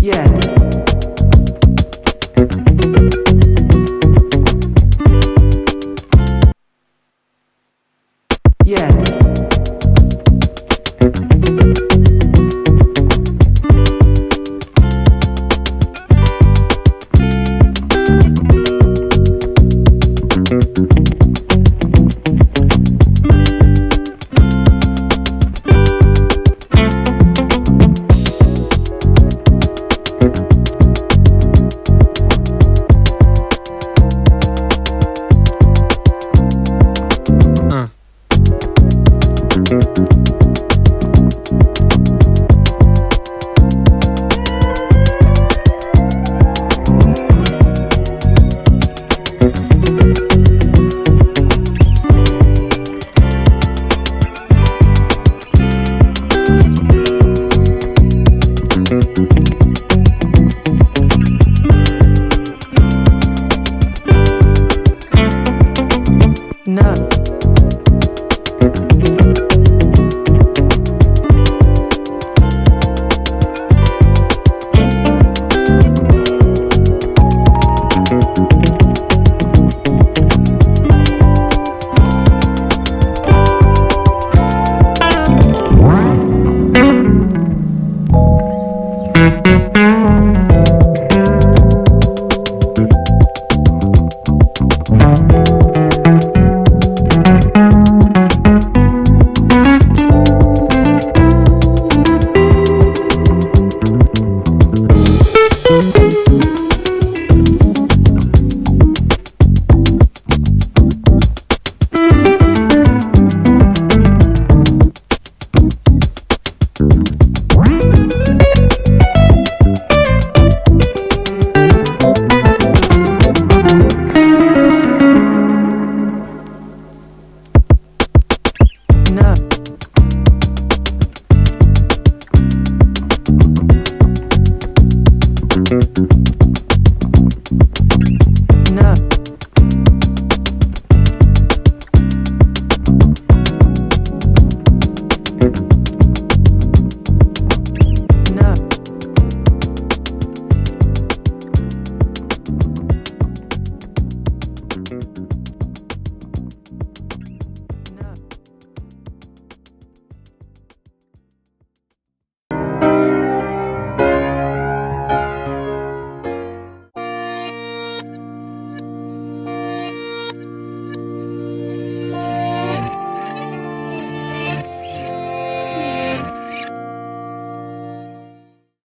Yeah. enough. up.